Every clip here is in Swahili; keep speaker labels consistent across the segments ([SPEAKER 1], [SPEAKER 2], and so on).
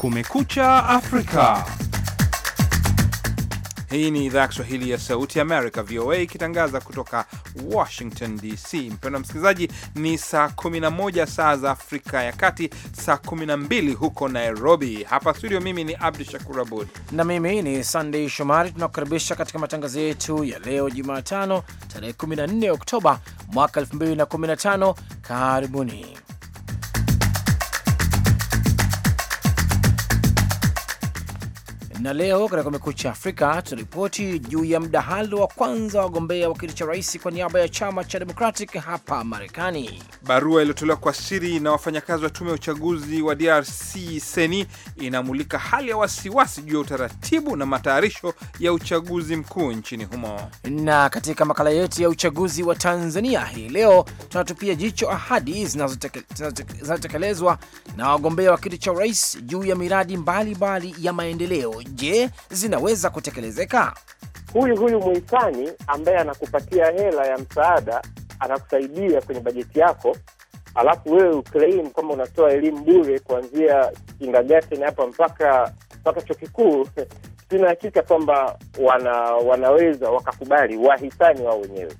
[SPEAKER 1] Kumekucha Afrika. Hii ni idhaa ya Kiswahili ya Sauti ya Amerika, VOA, ikitangaza kutoka Washington DC. Mpendwa msikilizaji, ni saa 11 saa za Afrika ya Kati, saa 12 huko Nairobi. Hapa studio, mimi ni Abdu Shakur Abud
[SPEAKER 2] na mimi ni sandey Shomari. Tunakukaribisha katika matangazo yetu ya leo Jumatano, tarehe 14 Oktoba mwaka 2015. Karibuni. Na leo katika Kumekucha Afrika tunaripoti juu ya mdahalo wa kwanza wa wagombea wa kiti cha rais kwa niaba ya chama cha Democratic hapa Marekani.
[SPEAKER 1] Barua iliyotolewa kwa siri na wafanyakazi wa tume ya uchaguzi wa DRC seni inamulika hali ya wasiwasi juu ya
[SPEAKER 2] utaratibu na matayarisho ya uchaguzi mkuu nchini humo. Na katika makala yetu ya uchaguzi wa Tanzania hii leo tunatupia jicho ahadi zinazotekelezwa na wagombea wa kiti cha rais juu ya miradi mbalimbali mbali ya maendeleo Je, zinaweza kutekelezeka?
[SPEAKER 3] Huyu huyu muhisani ambaye anakupatia hela ya msaada anakusaidia kwenye bajeti yako, alafu wewe uclaim kama unatoa elimu bure kuanzia kindergarten hapa mpaka mpaka chuo kikuu. Sina hakika kwamba wana, wanaweza wakakubali wahisani wao wenyewe.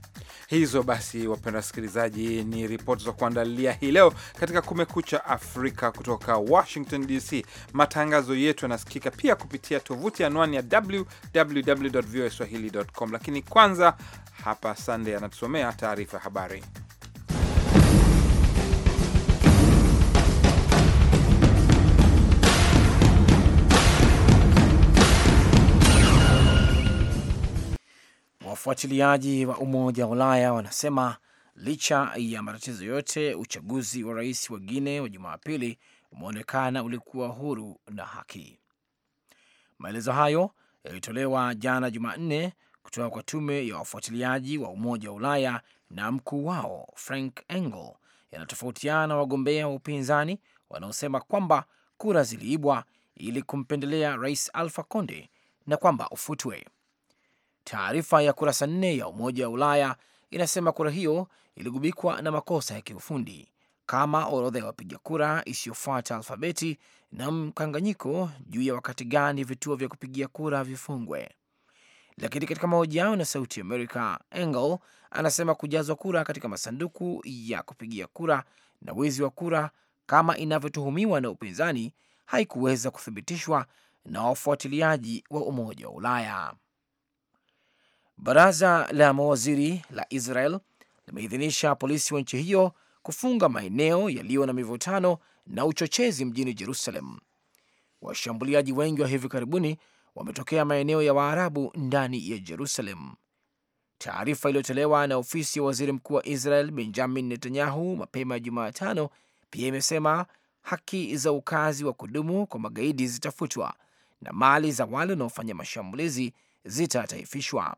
[SPEAKER 1] Hizo basi, wapenda wasikilizaji, ni ripoti za kuandalia hii leo katika Kumekucha Afrika kutoka Washington DC. Matangazo yetu yanasikika pia kupitia tovuti anwani ya www voa lakini kwanza hapa Sandey anatusomea taarifa ya habari.
[SPEAKER 2] Wafuatiliaji wa Umoja wa Ulaya wanasema licha ya matatizo yote, uchaguzi wa rais wa Guine wa Jumapili umeonekana ulikuwa huru na haki. Maelezo hayo yalitolewa jana Jumanne kutoka kwa tume ya wafuatiliaji wa Umoja wa Ulaya na mkuu wao Frank Engel, yanatofautiana na wagombea wa upinzani wanaosema kwamba kura ziliibwa ili kumpendelea rais Alfa Conde na kwamba ufutwe. Taarifa ya kurasa nne ya Umoja wa Ulaya inasema kura hiyo iligubikwa na makosa ya kiufundi kama orodha ya wapiga kura isiyofuata alfabeti na mkanganyiko juu ya wakati gani vituo vya kupigia kura vifungwe. Lakini katika mahojiano na Sauti Amerika, Engel anasema kujazwa kura katika masanduku ya kupigia kura na wizi wa kura kama inavyotuhumiwa na upinzani haikuweza kuthibitishwa na wafuatiliaji wa Umoja wa Ulaya. Baraza la mawaziri la Israel limeidhinisha polisi wa nchi hiyo kufunga maeneo yaliyo na mivutano na uchochezi mjini Jerusalem. Washambuliaji wengi wa hivi karibuni wametokea maeneo ya Waarabu ndani ya Jerusalem. Taarifa iliyotolewa na ofisi ya waziri mkuu wa Israel Benjamin Netanyahu mapema ya Jumatano pia imesema haki za ukazi wa kudumu kwa magaidi zitafutwa na mali za wale wanaofanya mashambulizi zitataifishwa.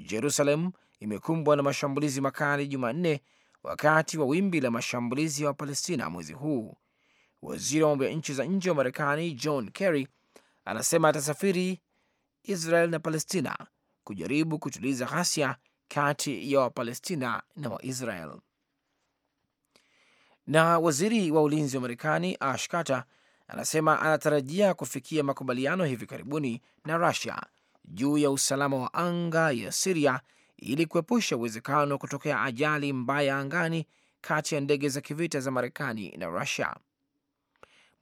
[SPEAKER 2] Jerusalem imekumbwa na mashambulizi makali Jumanne wakati wa wimbi la mashambulizi ya wa Wapalestina mwezi huu. Waziri wa mambo ya nchi za nje wa Marekani John Kerry anasema atasafiri Israel na Palestina kujaribu kutuliza ghasia kati ya Wapalestina na Waisrael. Na waziri wa ulinzi wa Marekani Ash Carter anasema anatarajia kufikia makubaliano hivi karibuni na Rusia juu ya usalama wa anga ya Siria ili kuepusha uwezekano wa kutokea ajali mbaya angani kati ya ndege za kivita za Marekani na Rusia.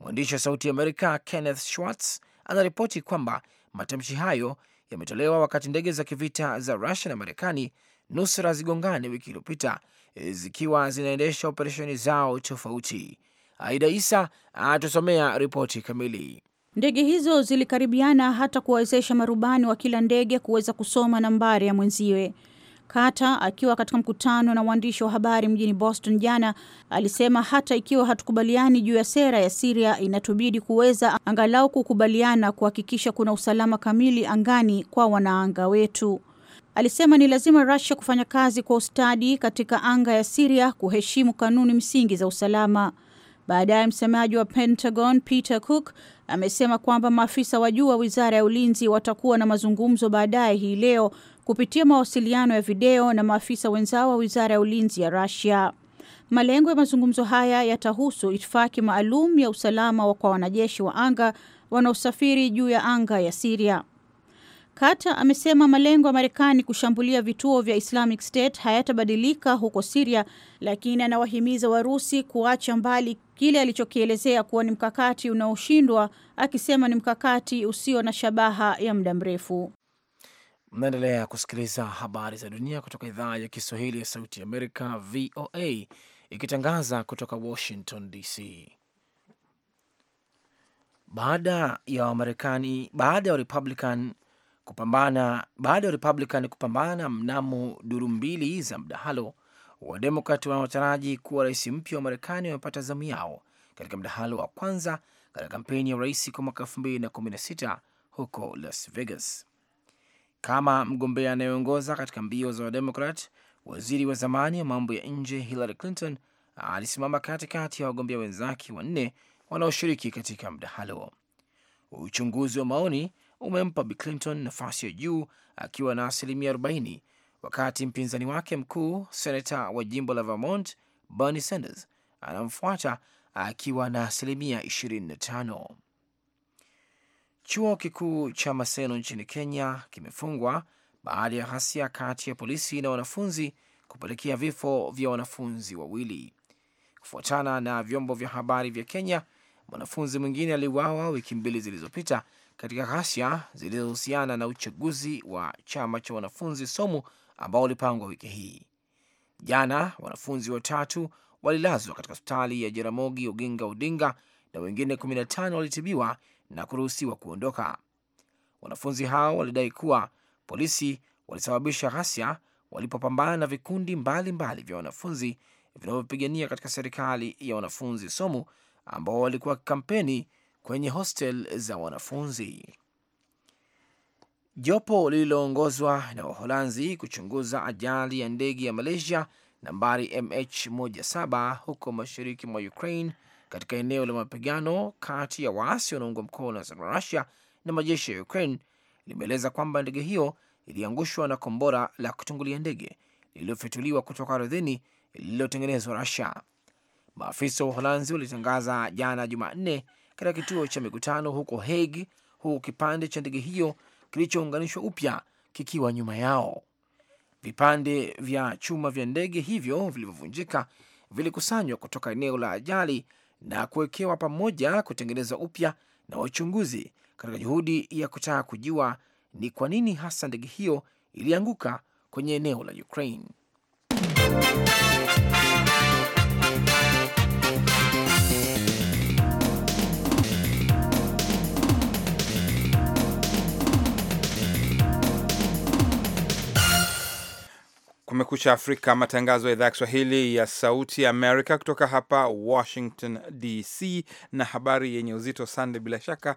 [SPEAKER 2] Mwandishi wa Sauti ya Amerika Kenneth Schwartz anaripoti kwamba matamshi hayo yametolewa wakati ndege za kivita za Rusia na Marekani nusra zigongane wiki iliyopita e, zikiwa zinaendesha operesheni zao tofauti. Aida Isa atusomea ripoti kamili.
[SPEAKER 4] Ndege hizo zilikaribiana hata kuwawezesha marubani wa kila ndege kuweza kusoma nambari ya mwenziwe. Kata akiwa katika mkutano na waandishi wa habari mjini Boston jana alisema hata ikiwa hatukubaliani juu ya sera ya Siria, inatubidi kuweza angalau kukubaliana kuhakikisha kuna usalama kamili angani kwa wanaanga wetu. Alisema ni lazima Russia kufanya kazi kwa ustadi katika anga ya Siria, kuheshimu kanuni msingi za usalama. Baadaye msemaji wa Pentagon Peter Cook amesema kwamba maafisa wa juu wa wizara ya ulinzi watakuwa na mazungumzo baadaye hii leo kupitia mawasiliano ya video na maafisa wenzao wa wizara ya ulinzi ya rasia Malengo ya mazungumzo haya yatahusu itifaki maalum ya usalama wa kwa wanajeshi wa anga wanaosafiri juu ya anga ya Siria. Carter amesema malengo ya Marekani kushambulia vituo vya Islamic State hayatabadilika huko Siria, lakini anawahimiza Warusi kuacha mbali kile alichokielezea kuwa ni mkakati unaoshindwa, akisema ni mkakati usio na shabaha ya muda mrefu.
[SPEAKER 2] Mnaendelea kusikiliza habari za dunia kutoka idhaa ya Kiswahili ya Sauti ya Amerika, VOA, ikitangaza kutoka Washington DC. Baada ya Wamarekani, baada ya Warepublican kupambana baada ya Republican kupambana mnamo duru mbili za mdahalo. Wademokrat wanaotaraji kuwa rais mpya wa Marekani wamepata zamu yao katika mdahalo wa kwanza katika kampeni ya urais kwa mwaka sita huko Las Vegas. Kama mgombea anayeongoza katika mbio za Wademokrat, waziri wa zamani wa mambo ya nje Hillary Clinton alisimama katikati ya wagombea wenzake wanne wanaoshiriki katika mdahalo. Uchunguzi wa maoni umempa Bi Clinton nafasi ya juu akiwa na asilimia 40, wakati mpinzani wake mkuu senata wa jimbo la Vermont Bernie Sanders anamfuata akiwa na asilimia 25. Chuo kikuu cha Maseno nchini Kenya kimefungwa baada ya ghasia kati ya polisi na wanafunzi kupelekea vifo vya wanafunzi wawili. Kufuatana na vyombo vya habari vya Kenya, mwanafunzi mwingine aliuawa wiki mbili zilizopita katika ghasia zilizohusiana na uchaguzi wa chama cha wanafunzi SOMU ambao ulipangwa wiki hii. Jana wanafunzi watatu walilazwa katika hospitali ya Jaramogi Oginga Odinga na wengine 15 walitibiwa na kuruhusiwa kuondoka. Wanafunzi hao walidai kuwa polisi walisababisha ghasia walipopambana na vikundi mbalimbali mbali vya wanafunzi vinavyopigania katika serikali ya wanafunzi SOMU ambao walikuwa kampeni kwenye hostel za wanafunzi. Jopo lililoongozwa na Waholanzi kuchunguza ajali ya ndege ya Malaysia nambari MH17 huko mashariki mwa Ukraine katika eneo la mapigano kati ya waasi wanaungwa mkono na Rusia na majeshi ya Ukraine limeeleza kwamba ndege hiyo iliangushwa na kombora la kutungulia ndege lililofyatuliwa kutoka ardhini lililotengenezwa Rusia. Maafisa wa Uholanzi walitangaza jana Jumanne katika kituo cha mikutano huko Hague, huku kipande cha ndege hiyo kilichounganishwa upya kikiwa nyuma yao. Vipande vya chuma vya ndege hivyo vilivyovunjika vilikusanywa kutoka eneo la ajali na kuwekewa pamoja kutengeneza upya na wachunguzi katika juhudi ya kutaka kujua ni kwa nini hasa ndege hiyo ilianguka kwenye eneo la Ukraine.
[SPEAKER 1] Kumekucha Afrika, matangazo ya idhaa ya Kiswahili ya Sauti ya Amerika kutoka hapa Washington DC. Na habari yenye uzito sande, bila shaka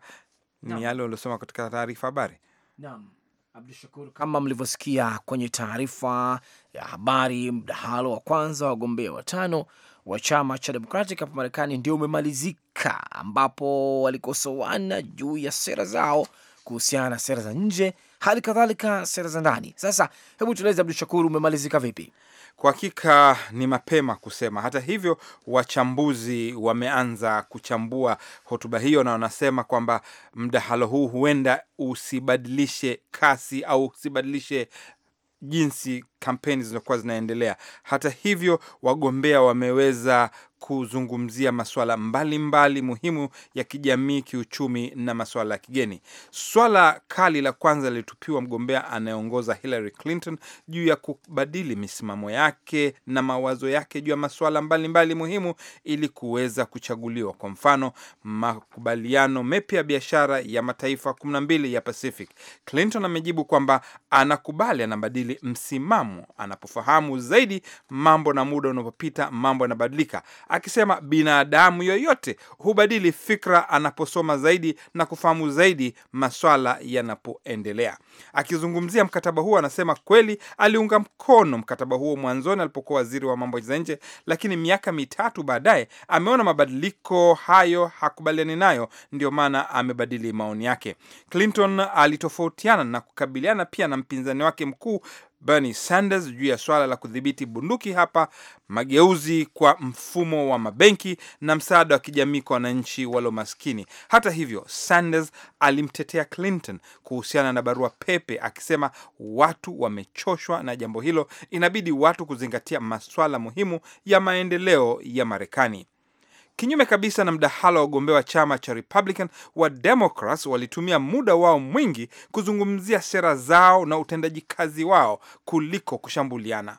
[SPEAKER 1] ni yale waliosoma katika taarifa
[SPEAKER 2] habari. Naam, Abdushakur, kama mlivyosikia kwenye taarifa ya habari, mdahalo wa kwanza wa wagombea watano wa chama cha Democratic hapa Marekani ndio umemalizika, ambapo walikosoana juu ya sera zao kuhusiana na sera za nje hali kadhalika sera za ndani. Sasa hebu tueleze, Abdu Shakur, umemalizika
[SPEAKER 1] vipi? Kwa hakika ni mapema kusema. Hata hivyo, wachambuzi wameanza kuchambua hotuba hiyo na wanasema kwamba mdahalo huu huenda usibadilishe kasi au usibadilishe jinsi kampeni zilizokuwa zinaendelea. Hata hivyo, wagombea wameweza kuzungumzia masuala mbalimbali muhimu ya kijamii, kiuchumi na masuala ya kigeni. Swala kali la kwanza lilitupiwa mgombea anayeongoza Hillary Clinton juu ya kubadili misimamo yake na mawazo yake juu ya masuala mbalimbali muhimu ili kuweza kuchaguliwa. Kwa mfano, makubaliano mapya ya biashara ya mataifa mbili ya Pacific. Clinton amejibu kwamba anakubali, anabadili msimamo anapofahamu zaidi mambo na muda unapopita, mambo yanabadilika akisema binadamu yoyote hubadili fikra anaposoma zaidi na kufahamu zaidi maswala yanapoendelea. Akizungumzia mkataba huo, anasema kweli aliunga mkono mkataba huo mwanzoni alipokuwa waziri wa mambo za nje, lakini miaka mitatu baadaye ameona mabadiliko hayo hakubaliani nayo, ndio maana amebadili maoni yake. Clinton alitofautiana na kukabiliana pia na mpinzani wake mkuu Bernie Sanders juu ya swala la kudhibiti bunduki hapa, mageuzi kwa mfumo wa mabenki na msaada wa kijamii kwa wananchi walio maskini. Hata hivyo, Sanders alimtetea Clinton kuhusiana na barua pepe, akisema watu wamechoshwa na jambo hilo, inabidi watu kuzingatia maswala muhimu ya maendeleo ya Marekani. Kinyume kabisa na mdahalo wa wagombea wa chama cha Republican, wa Democrats walitumia muda wao mwingi kuzungumzia sera zao na utendaji kazi wao kuliko kushambuliana.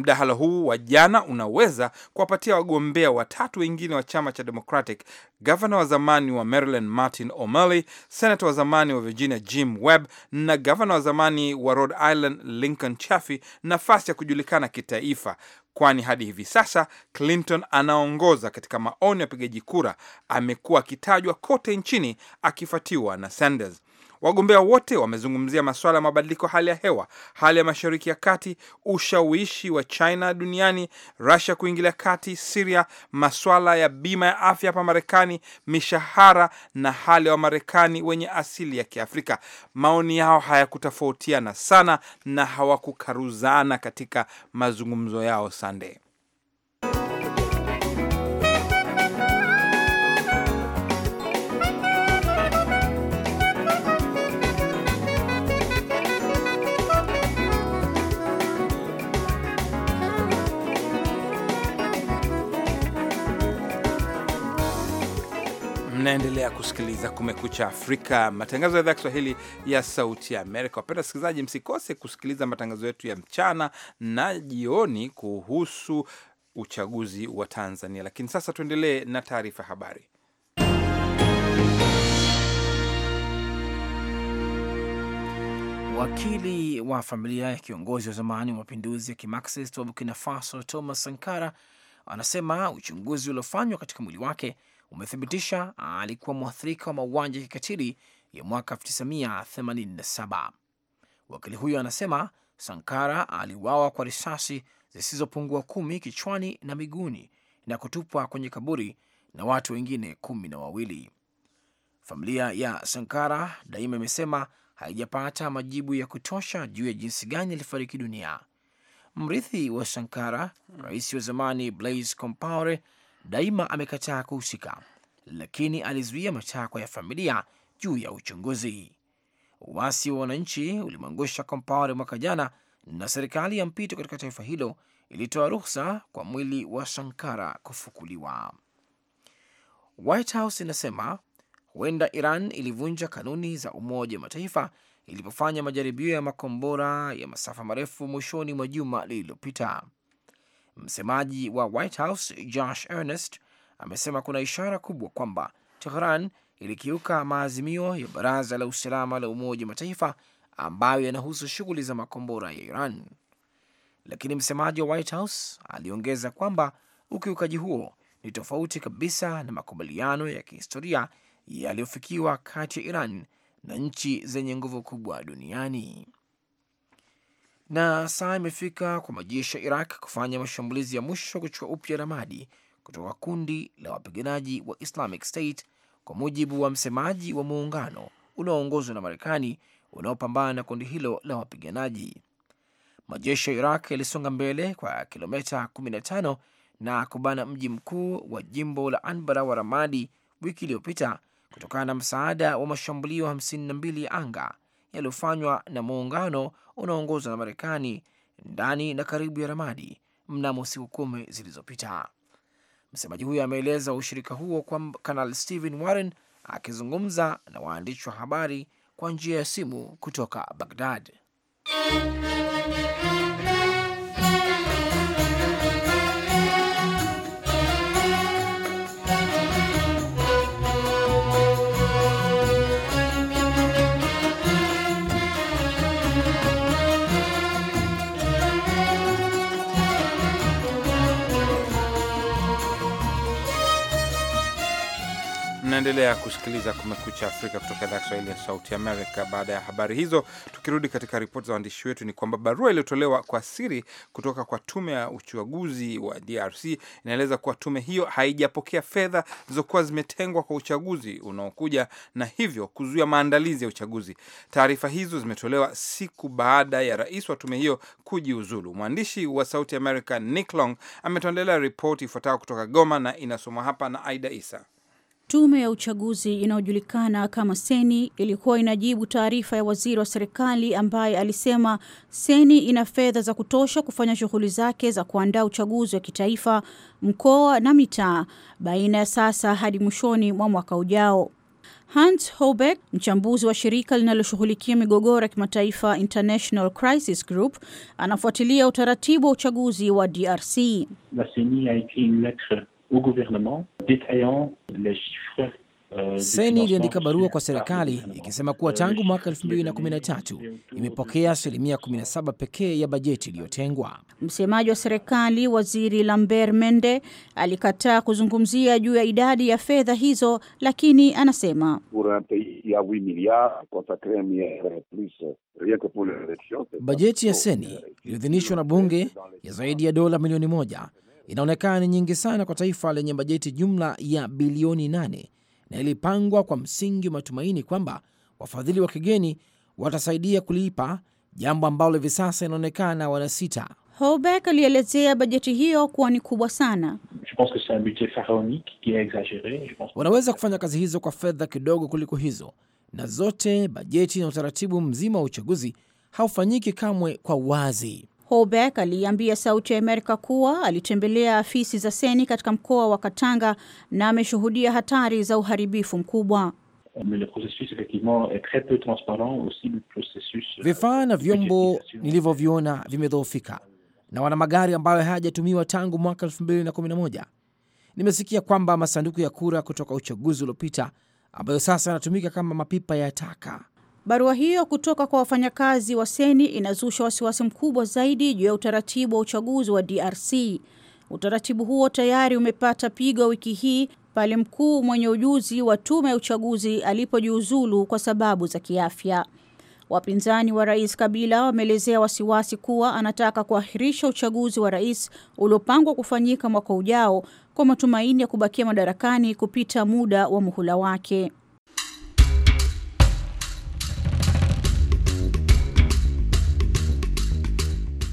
[SPEAKER 1] Mdahalo huu wa jana unaweza kuwapatia wagombea watatu wengine wa chama cha Democratic, gavana wa zamani wa Maryland Martin O'Malley, senata wa zamani wa Virginia Jim Webb na gavana wa zamani wa Rhode Island Lincoln Chafee nafasi ya kujulikana kitaifa, kwani hadi hivi sasa Clinton anaongoza katika maoni ya wapigaji kura. Amekuwa akitajwa kote nchini akifuatiwa na Sanders. Wagombea wote wamezungumzia masuala ya mabadiliko hali ya hewa, hali ya mashariki ya kati, ushawishi wa China duniani, rasia kuingilia kati siria masuala ya bima ya afya hapa Marekani, mishahara na hali ya Wamarekani wenye asili ya Kiafrika. Maoni yao hayakutofautiana sana na hawakukaruzana katika mazungumzo yao Sandei. Mnaendelea kusikiliza Kumekucha Afrika, matangazo ya idhaa Kiswahili ya Sauti ya Amerika. Wapenda wasikilizaji, msikose kusikiliza matangazo yetu ya mchana na jioni kuhusu uchaguzi wa Tanzania. Lakini sasa tuendelee na taarifa habari.
[SPEAKER 2] Wakili wa familia ya kiongozi wa zamani wa mapinduzi ya kimaxist wa Burkina Faso Thomas Sankara anasema uchunguzi uliofanywa katika mwili wake umethibitisha alikuwa mwathirika wa mauaji ya kikatili ya mwaka 1987. Wakili huyo anasema Sankara aliuawa kwa risasi zisizopungua kumi kichwani na miguuni na kutupwa kwenye kaburi na watu wengine kumi na wawili. Familia ya Sankara daima imesema haijapata majibu ya kutosha juu ya jinsi gani alifariki dunia. Mrithi wa Sankara, rais wa zamani Blaise Compaore daima amekataa kuhusika, lakini alizuia matakwa ya familia juu ya uchunguzi. Uasi wa wananchi ulimwangusha Kompaore mwaka jana, na serikali ya mpito katika taifa hilo ilitoa ruhusa kwa mwili wa Sankara kufukuliwa. White House inasema huenda Iran ilivunja kanuni za Umoja wa Mataifa ilipofanya majaribio ya makombora ya masafa marefu mwishoni mwa juma lililopita. Msemaji wa White House Josh Earnest amesema kuna ishara kubwa kwamba Tehran ilikiuka maazimio ya Baraza la Usalama la Umoja wa Mataifa ambayo yanahusu shughuli za makombora ya Iran. Lakini msemaji wa White House aliongeza kwamba ukiukaji huo ni tofauti kabisa na makubaliano ya kihistoria yaliyofikiwa kati ya Iran na nchi zenye nguvu kubwa duniani na saa imefika kwa majeshi ya Iraq kufanya mashambulizi ya mwisho kuchukua upya Ramadi kutoka kundi la wapiganaji wa Islamic State, kwa mujibu wa msemaji wa muungano unaoongozwa na Marekani unaopambana na kundi hilo la wapiganaji. Majeshi ya Iraq yalisonga mbele kwa kilomita 15 na kubana mji mkuu wa jimbo la Anbara wa Ramadi wiki iliyopita kutokana na msaada wa mashambulio 52 ya anga yaliyofanywa na muungano unaoongozwa na Marekani ndani na karibu ya Ramadi mnamo siku kumi zilizopita. Msemaji huyo ameeleza ushirika huo kwa Kanal Stephen Warren akizungumza na waandishi wa habari kwa njia ya simu kutoka Bagdad.
[SPEAKER 1] Unaendelea kusikiliza Kumekucha Afrika kutoka idhaa Kiswahili ya Sauti Amerika. Baada ya habari hizo, tukirudi katika ripoti za waandishi wetu, ni kwamba barua iliyotolewa kwa siri kutoka kwa tume ya uchaguzi wa DRC inaeleza kuwa tume hiyo haijapokea fedha zilizokuwa zimetengwa kwa uchaguzi unaokuja na hivyo kuzuia maandalizi ya uchaguzi. Taarifa hizo zimetolewa siku baada ya rais wa tume hiyo kujiuzulu. Mwandishi wa Sauti Amerika Nick Long ametuandalia ripoti ifuatayo kutoka Goma na inasomwa hapa na Aida Isa.
[SPEAKER 4] Tume ya uchaguzi inayojulikana kama Seni ilikuwa inajibu taarifa ya waziri wa serikali ambaye alisema Seni ina fedha za kutosha kufanya shughuli zake za kuandaa uchaguzi wa kitaifa, mkoa na mitaa baina ya sasa hadi mwishoni mwa mwaka ujao. Hans Hobeck, mchambuzi wa shirika linaloshughulikia migogoro ya kimataifa International Crisis Group, anafuatilia utaratibu wa uchaguzi wa DRC. La CENI a écrit une lettre au gouvernement détaillant les chiffres euh, Seni iliandika
[SPEAKER 2] barua kwa serikali ikisema kuwa tangu mwaka
[SPEAKER 4] 2013 euh, imepokea asilimia 17 pekee ya bajeti iliyotengwa. Msemaji wa serikali, Waziri Lambert Mende, alikataa kuzungumzia juu ya idadi ya fedha hizo, lakini anasema
[SPEAKER 3] euh,
[SPEAKER 2] bajeti ya Seni iliyodhinishwa na bunge ya zaidi ya dola milioni moja inaonekana ni nyingi sana kwa taifa lenye bajeti jumla ya bilioni nane na ilipangwa kwa msingi wa matumaini kwamba wafadhili wa kigeni watasaidia kulipa, jambo ambalo hivi sasa inaonekana wanasita.
[SPEAKER 4] Holbeck alielezea bajeti hiyo kuwa ni kubwa sana.
[SPEAKER 2] Wanaweza kufanya kazi hizo kwa fedha kidogo kuliko hizo, na zote bajeti na utaratibu mzima wa uchaguzi haufanyiki kamwe kwa uwazi.
[SPEAKER 4] Holbeck aliambia Sauti ya Amerika kuwa alitembelea afisi za Seni katika mkoa wa Katanga na ameshuhudia hatari za uharibifu mkubwa.
[SPEAKER 2] Vifaa na vyombo nilivyoviona vimedhoofika na wana magari ambayo hayajatumiwa tangu mwaka 2011. Nimesikia kwamba masanduku ya kura kutoka uchaguzi uliopita ambayo sasa yanatumika kama mapipa ya taka.
[SPEAKER 4] Barua hiyo kutoka kwa wafanyakazi wa Seni inazusha wasiwasi mkubwa zaidi juu ya utaratibu wa uchaguzi wa DRC. Utaratibu huo tayari umepata pigo wiki hii pale mkuu mwenye ujuzi wa tume ya uchaguzi alipojiuzulu kwa sababu za kiafya. Wapinzani wa Rais Kabila wameelezea wasiwasi kuwa anataka kuahirisha uchaguzi wa rais uliopangwa kufanyika mwaka ujao kwa matumaini ya kubakia madarakani kupita muda wa muhula wake.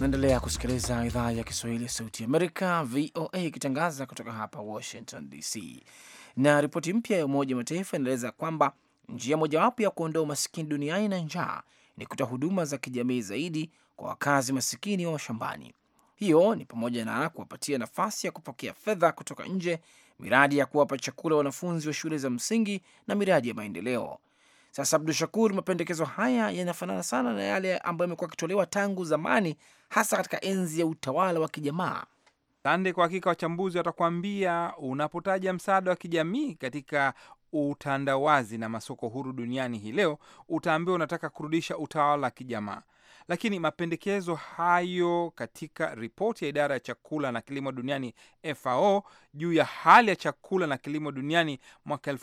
[SPEAKER 2] Naendelea kusikiliza idhaa ya Kiswahili ya Sauti Amerika, VOA, ikitangaza kutoka hapa Washington DC. Na ripoti mpya ya Umoja Mataifa inaeleza kwamba njia mojawapo ya kuondoa umasikini duniani na njaa ni kutoa huduma za kijamii zaidi kwa wakazi masikini wa mashambani. Hiyo ni pamoja na kuwapatia nafasi ya kupokea fedha kutoka nje, miradi ya kuwapa chakula wanafunzi wa shule za msingi na miradi ya maendeleo. Sasa Abdu Shakur, mapendekezo haya yanafanana sana na yale ambayo yamekuwa akitolewa tangu zamani, hasa katika enzi ya utawala wa kijamaa. Sande, kwa hakika wachambuzi
[SPEAKER 1] watakuambia unapotaja msaada wa kijamii katika utandawazi na masoko huru duniani hii leo, utaambiwa unataka kurudisha utawala wa kijamaa. Lakini mapendekezo hayo katika ripoti ya idara ya chakula na kilimo duniani FAO juu ya hali ya chakula na kilimo duniani mwaka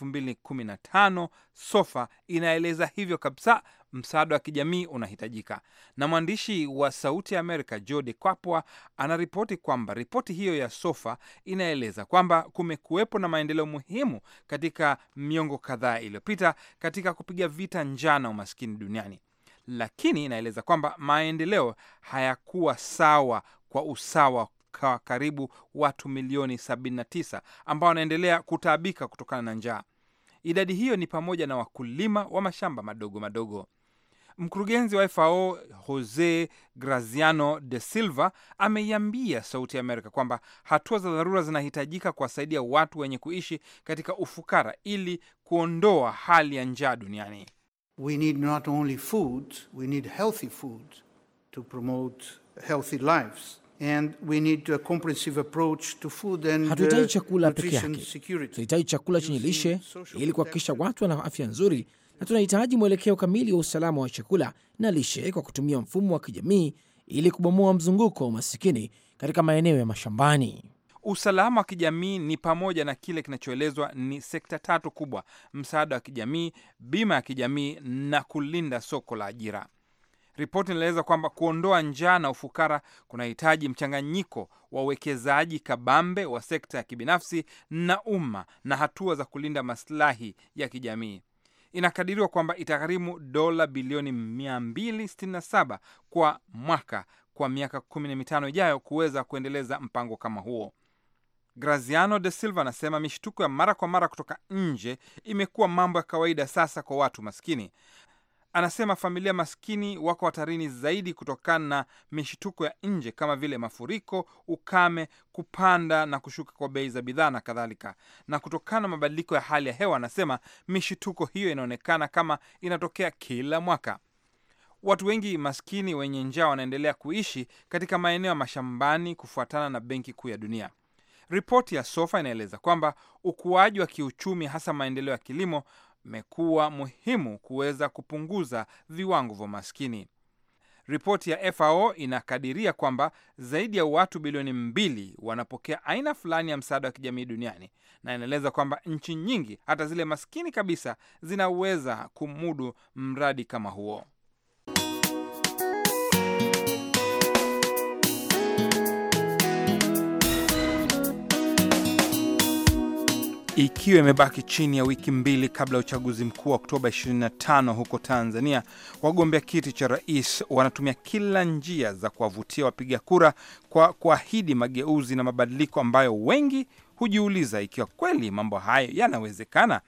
[SPEAKER 1] tano SOFA inaeleza hivyo kabisa. Msaada wa kijamii unahitajika, na mwandishi wa Sauti ya Amerika Jodi Kwapwa anaripoti kwamba ripoti hiyo ya SOFA inaeleza kwamba kumekuwepo na maendeleo muhimu katika miongo kadhaa iliyopita katika kupiga vita njaa na umaskini duniani lakini inaeleza kwamba maendeleo hayakuwa sawa kwa usawa kwa karibu watu milioni 79 ambao wanaendelea kutaabika kutokana na njaa. Idadi hiyo ni pamoja na wakulima wa mashamba madogo madogo. Mkurugenzi wa FAO Jose Graziano de Silva ameiambia Sauti ya Amerika kwamba hatua za dharura zinahitajika kuwasaidia watu wenye kuishi katika ufukara ili kuondoa hali ya njaa duniani we need not only food, we need healthy food to promote healthy lives. And we need a comprehensive approach to food
[SPEAKER 4] and uh, hatuhitaji chakula peke yake,
[SPEAKER 2] tunahitaji chakula chenye lishe ili kuhakikisha watu wana afya nzuri, na tunahitaji mwelekeo kamili wa usalama wa chakula na lishe kwa kutumia mfumo wa kijamii ili kubomoa mzunguko wa umasikini katika maeneo ya mashambani.
[SPEAKER 1] Usalama wa kijamii ni pamoja na kile kinachoelezwa ni sekta tatu kubwa: msaada wa kijamii, bima ya kijamii na kulinda soko la ajira. Ripoti inaeleza kwamba kuondoa njaa na ufukara kunahitaji mchanganyiko wa uwekezaji kabambe wa sekta ya kibinafsi na umma na hatua za kulinda masilahi ya kijamii. Inakadiriwa kwamba itagharimu dola bilioni 267 kwa mwaka kwa miaka 15 ijayo kuweza kuendeleza mpango kama huo. Graziano de Silva anasema mishtuko ya mara kwa mara kutoka nje imekuwa mambo ya kawaida sasa kwa watu maskini. Anasema familia maskini wako hatarini zaidi kutokana na mishtuko ya nje kama vile mafuriko, ukame, kupanda na kushuka kwa bei za bidhaa na kadhalika. Na kutokana na mabadiliko ya hali ya hewa, anasema mishtuko hiyo inaonekana kama inatokea kila mwaka. Watu wengi maskini wenye njaa wanaendelea kuishi katika maeneo ya mashambani kufuatana na Benki Kuu ya Dunia. Ripoti ya SOFA inaeleza kwamba ukuaji wa kiuchumi, hasa maendeleo ya kilimo, imekuwa muhimu kuweza kupunguza viwango vya umaskini. Ripoti ya FAO inakadiria kwamba zaidi ya watu bilioni mbili wanapokea aina fulani ya msaada wa kijamii duniani, na inaeleza kwamba nchi nyingi, hata zile maskini kabisa, zinaweza kumudu mradi kama huo. Ikiwa imebaki chini ya wiki mbili kabla ya uchaguzi mkuu wa Oktoba 25 huko Tanzania, wagombea kiti cha rais wanatumia kila njia za kuwavutia wapiga kura kwa kuahidi mageuzi na mabadiliko ambayo wengi hujiuliza ikiwa kweli mambo hayo yanawezekana.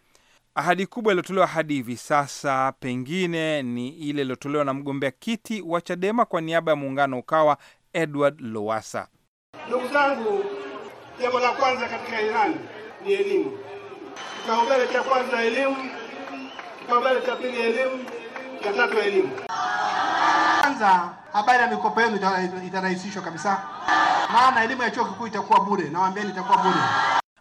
[SPEAKER 1] Ahadi kubwa iliyotolewa hadi hivi sasa pengine ni ile iliyotolewa na mgombea kiti wa Chadema kwa niaba ya muungano Ukawa, Edward Lowasa. Ndugu zangu, jambo la kwanza katika ilani ni elimu. Kipaumbele cha kwanza elimu, kipaumbele cha pili elimu, cha tatu elimu. Kwanza habari ya mikopo yenu itarahisishwa kabisa, maana elimu ya chuo kikuu itakuwa bure. Nawaambieni itakuwa bure.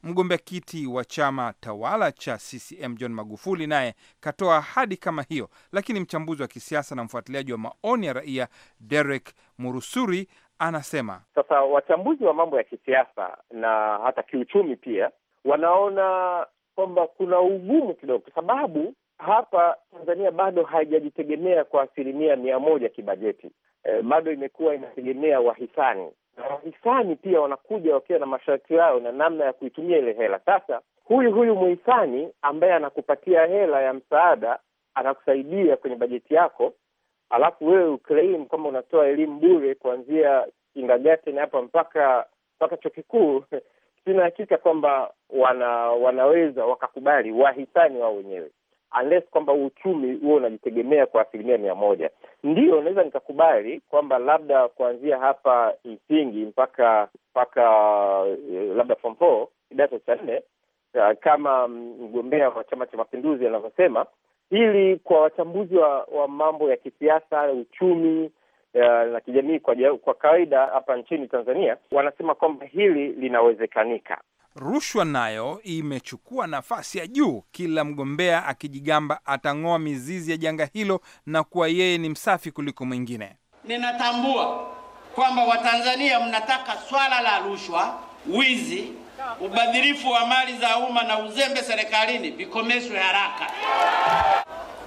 [SPEAKER 1] Mgombea kiti wa chama tawala cha CCM John Magufuli naye katoa ahadi kama hiyo, lakini mchambuzi wa kisiasa na mfuatiliaji wa maoni ya raia Derek Murusuri anasema
[SPEAKER 3] sasa wachambuzi wa mambo ya kisiasa na hata kiuchumi pia wanaona kwamba kuna ugumu kidogo, kwa sababu hapa Tanzania bado haijajitegemea kwa asilimia mia moja kibajeti. E, bado imekuwa inategemea wahisani na wahisani pia wanakuja wakiwa na masharti yao na namna ya kuitumia ile hela. Sasa huyu huyu muhisani ambaye anakupatia hela ya msaada anakusaidia kwenye bajeti yako, alafu wewe uclaim kwamba unatoa elimu bure kuanzia na hapa mpaka mpaka chuo kikuu sina hakika kwamba wana, wanaweza wakakubali wahisani wao wenyewe unless kwamba uchumi huo unajitegemea kwa asilimia mia moja. ndio unaweza nikakubali kwamba labda kuanzia hapa msingi mpaka mpaka eh, labda form four kidato cha nne eh, kama mgombea wa Chama cha Mapinduzi anavyosema, ili kwa wachambuzi wa, wa mambo ya kisiasa, uchumi Eh, na kijamii kwa, kwa kawaida hapa nchini Tanzania wanasema kwamba hili linawezekanika.
[SPEAKER 1] Rushwa nayo imechukua nafasi ya juu, kila mgombea akijigamba atang'oa mizizi ya janga hilo na kuwa yeye ni msafi kuliko mwingine.
[SPEAKER 2] Ninatambua kwamba Watanzania mnataka swala la rushwa, wizi, ubadhirifu wa mali za umma na uzembe serikalini vikomeshwe haraka.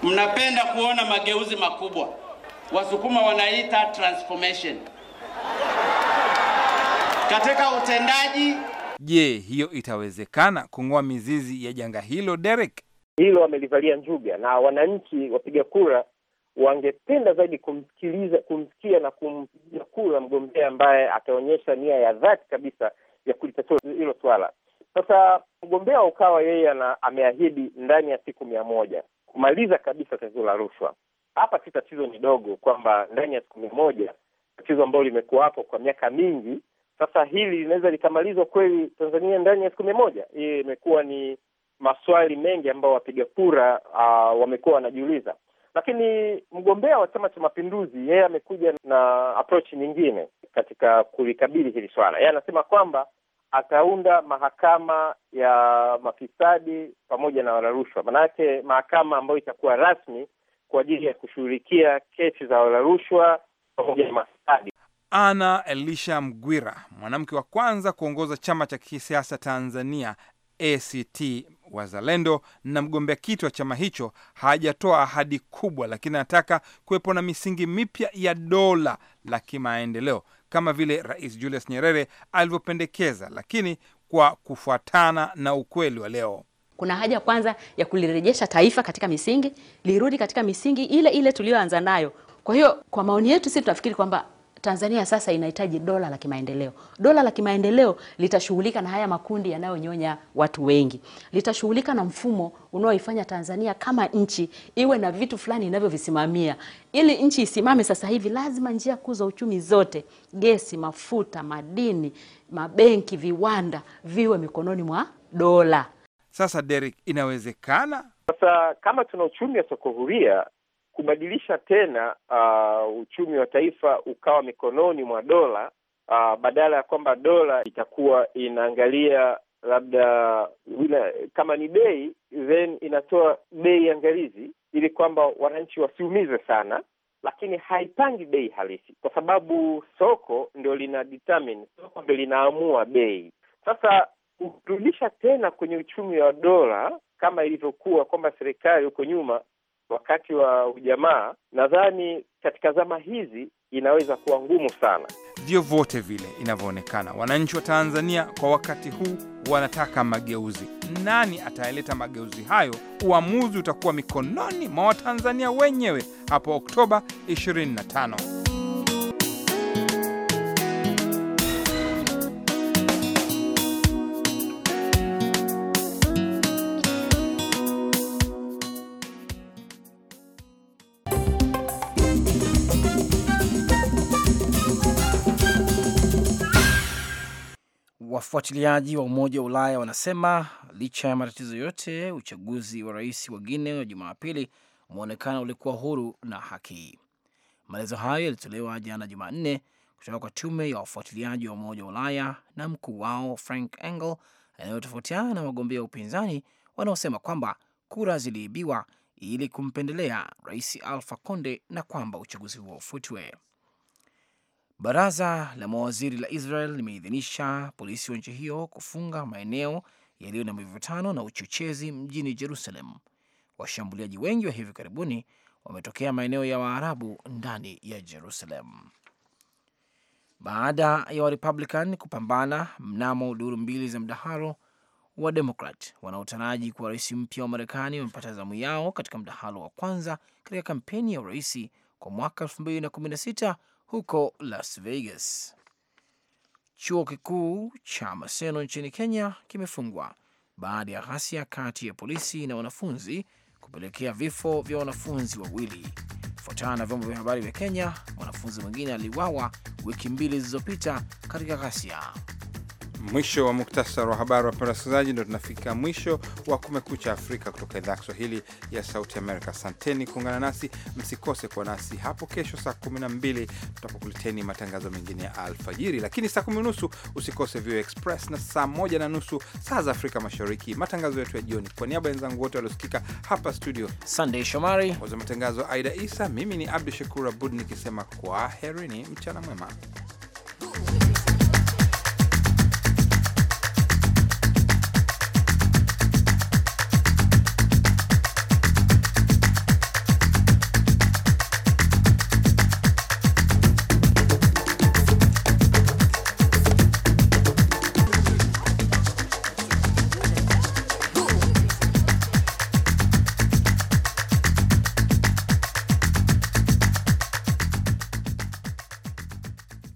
[SPEAKER 2] Mnapenda kuona mageuzi makubwa Wasukuma wanaita transformation katika utendaji.
[SPEAKER 1] Je, hiyo itawezekana kung'oa mizizi ya janga hilo? Derek, hilo wamelivalia njuga,
[SPEAKER 3] na wananchi wapiga kura wangependa zaidi kumsikiliza, kumsikia na kumpiga kura mgombea ambaye ataonyesha nia ya dhati kabisa ya kulitatua hilo swala. Sasa mgombea wa Ukawa yeye ameahidi ndani ya siku mia moja kumaliza kabisa tatizo la rushwa. Hapa si tatizo ni dogo, kwamba ndani ya siku mia moja, tatizo ambalo limekuwa hapo kwa miaka mingi sasa, hili linaweza likamalizwa kweli Tanzania ndani ya siku mia moja? Hii imekuwa ni maswali mengi ambayo wapiga kura uh, wamekuwa wanajiuliza, lakini mgombea wa Chama cha Mapinduzi yeye amekuja na approach nyingine katika kulikabili hili swala. Yeye anasema kwamba ataunda mahakama ya mafisadi pamoja na walarushwa, maanake mahakama ambayo itakuwa rasmi kwa ajili ya kushughulikia kesi za wala rushwa pamoja na
[SPEAKER 1] mafisadi. Ana Elisha Mgwira, mwanamke wa kwanza kuongoza chama cha kisiasa Tanzania ACT Wazalendo na mgombea kiti wa chama hicho, hajatoa ahadi kubwa, lakini anataka kuwepo na misingi mipya ya dola la kimaendeleo kama vile Rais Julius Nyerere alivyopendekeza, lakini kwa kufuatana na ukweli wa leo.
[SPEAKER 4] Kuna haja kwanza ya kulirejesha taifa katika misingi, lirudi katika misingi ile ile tuliyoanza nayo. Kwa hiyo, kwa maoni yetu sisi tunafikiri kwamba Tanzania sasa inahitaji dola la kimaendeleo. Dola la kimaendeleo litashughulika na haya makundi yanayonyonya watu wengi, litashughulika na mfumo unaoifanya Tanzania kama nchi iwe na vitu fulani inavyovisimamia. Ili nchi isimame sasa hivi, lazima njia kuu za uchumi zote, gesi, mafuta, madini, mabenki, viwanda, viwe mikononi mwa dola.
[SPEAKER 1] Sasa Derek, inawezekana sasa kama tuna
[SPEAKER 3] uchumi wa soko huria kubadilisha tena uh, uchumi wa taifa ukawa mikononi mwa dola uh, badala ya kwamba dola itakuwa inaangalia labda ina, kama ni bei then inatoa bei angalizi ili kwamba wananchi wasiumize sana, lakini haipangi bei halisi, kwa sababu soko ndio lina determine, soko ndio linaamua bei. Sasa kurudisha tena kwenye uchumi wa dola kama ilivyokuwa kwamba serikali huko nyuma wakati wa ujamaa, nadhani katika zama hizi inaweza
[SPEAKER 1] kuwa ngumu sana. Vyovyote vile inavyoonekana, wananchi wa Tanzania kwa wakati huu wanataka mageuzi. Nani atayaleta mageuzi hayo? Uamuzi utakuwa mikononi mwa Watanzania wenyewe hapo Oktoba 25.
[SPEAKER 2] Wafuatiliaji wa Umoja wa Ulaya wanasema licha ya matatizo yote, uchaguzi wa rais wa Guine wa Jumapili umeonekana ulikuwa huru na haki. Maelezo hayo yalitolewa jana Jumanne kutoka kwa tume ya wafuatiliaji wa Umoja wa Ulaya na mkuu wao Frank Engel, anayotofautiana na wagombea wa upinzani wanaosema kwamba kura ziliibiwa ili kumpendelea rais Alfa Conde na kwamba uchaguzi huo ufutwe. Baraza la mawaziri la Israel limeidhinisha polisi wa nchi hiyo kufunga maeneo yaliyo na mivutano na uchochezi mjini Jerusalem. Washambuliaji wengi wa hivi karibuni wametokea maeneo ya Waarabu ndani ya Jerusalem. Baada ya Warepublican kupambana mnamo duru mbili za mdahalo, Wademokrat wanaotaraji kuwa rais mpya wa Marekani wamepata zamu yao katika mdaharo wa kwanza katika kampeni ya uraisi kwa mwaka 2016 huko Las Vegas. Chuo kikuu cha Maseno nchini Kenya kimefungwa baada ya ghasia kati ya polisi na wanafunzi kupelekea vifo vya wanafunzi wawili. Kufuatana na vyombo vya habari vya Kenya, mwanafunzi mwingine aliwawa wiki mbili zilizopita katika ghasia.
[SPEAKER 1] Mwisho wa muktasari wa habari, wapenda wasikilizaji, ndo tunafika mwisho wa Kumekucha Afrika kutoka idhaa ya Kiswahili ya Sauti Amerika. Asanteni kuungana nasi, msikose kuwa nasi hapo kesho saa kumi na mbili tutapokuleteni matangazo mengine ya alfajiri, lakini saa kumi unusu usikose VOA Express na saa moja na nusu saa za Afrika Mashariki, matangazo yetu ya jioni. Kwa niaba ya wenzangu wote waliosikika hapa studio, Sandey Shomari waza matangazo, Aida Isa, mimi ni Abdu Shakur Abud nikisema kwa herini mchana mwema.